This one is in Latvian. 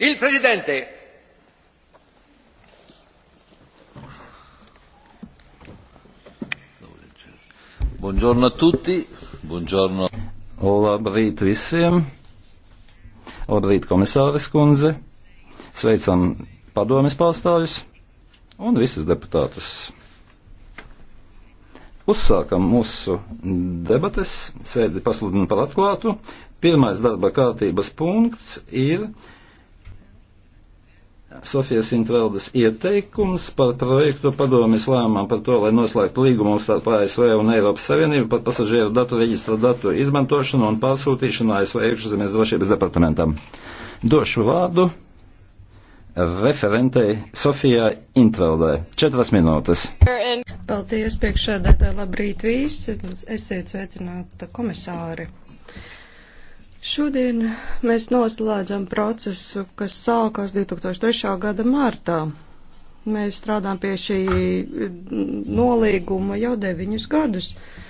Il Presidente. Buongiorno a tutti, buongiorno. Labrīt visiem, labrīt komisāris kundze, sveicam padomjas pārstāvis un visus deputātus. Uzsākam mūsu debates, sēdi pasludinu par atklātu. Pirmais darba kārtības punkts ir Sofijas Intveldes ieteikums par projektu padomjas lēmām par to, lai noslēgtu līgumu starp ASV un Eiropas Savienību par pasažieru datu reģistra datu izmantošanu un pārsūtīšanu ASV iekšzemes drošības departamentam. Došu vārdu referentei Sofijā Intveldē. Četras minūtes. Paldies, priekšādātāji, labrīt visi. Esiet sveicināta komisāri. Šodien mēs noslēdzam procesu, kas sākās 2003. gada martā. Mēs strādājam pie šī nolīguma jau deviņus gadus. Uh,